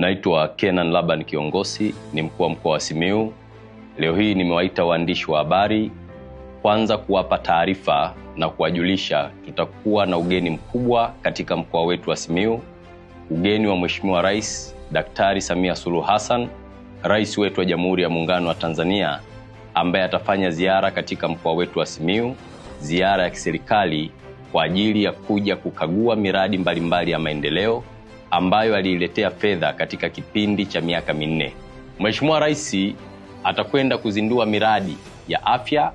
Naitwa Kenan Laban Kiongosi, ni mkuu wa mkoa wa simiu Leo hii nimewaita waandishi wa habari, kwanza kuwapa taarifa na kuwajulisha tutakuwa na ugeni mkubwa katika mkoa wetu wa simiu ugeni wa Mheshimiwa Rais Daktari Samia Suluhu Hassan, rais wetu wa Jamhuri ya Muungano wa Tanzania, ambaye atafanya ziara katika mkoa wetu wa simiu ziara ya kiserikali kwa ajili ya kuja kukagua miradi mbalimbali mbali ya maendeleo ambayo aliiletea fedha katika kipindi cha miaka minne. Mheshimiwa Rais atakwenda kuzindua miradi ya afya,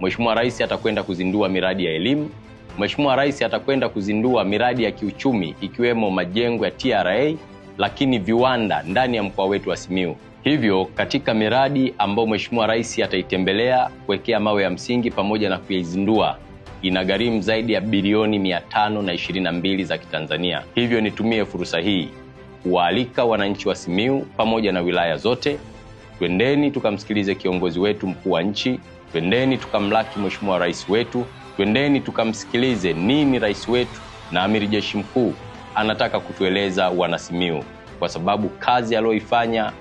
Mheshimiwa Rais atakwenda kuzindua miradi ya elimu, Mheshimiwa Rais atakwenda kuzindua miradi ya kiuchumi ikiwemo majengo ya TRA, lakini viwanda ndani ya mkoa wetu wa Simiyu. Hivyo katika miradi ambayo Mheshimiwa Rais ataitembelea kuwekea mawe ya msingi pamoja na kuizindua inagharimu zaidi ya bilioni 522 za Kitanzania. Hivyo nitumie fursa hii kuwaalika wananchi wa Simiyu pamoja na wilaya zote, twendeni tukamsikilize kiongozi wetu mkuu wa nchi, twendeni tukamlaki Mheshimiwa Rais wetu, twendeni tukamsikilize nini rais wetu na amiri jeshi mkuu anataka kutueleza wanasimiu kwa sababu kazi aliyoifanya,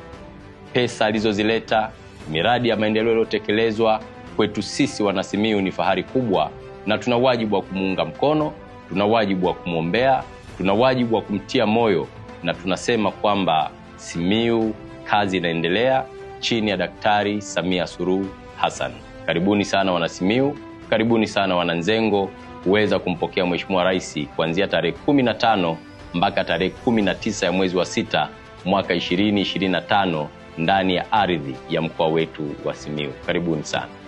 pesa alizozileta, miradi ya maendeleo iliyotekelezwa kwetu sisi wanasimiu ni fahari kubwa na tuna wajibu wa kumuunga mkono, tuna wajibu wa kumwombea, tuna wajibu wa kumtia moyo, na tunasema kwamba simiu kazi inaendelea chini ya Daktari Samia Suluhu Hassan. Karibuni sana wanasimiu, karibuni sana wananzengo kuweza kumpokea Mheshimiwa Rais kuanzia tarehe 15 mpaka tarehe 19 ya mwezi wa sita mwaka 2025 ndani ya ardhi ya mkoa wetu wa simiu Karibuni sana.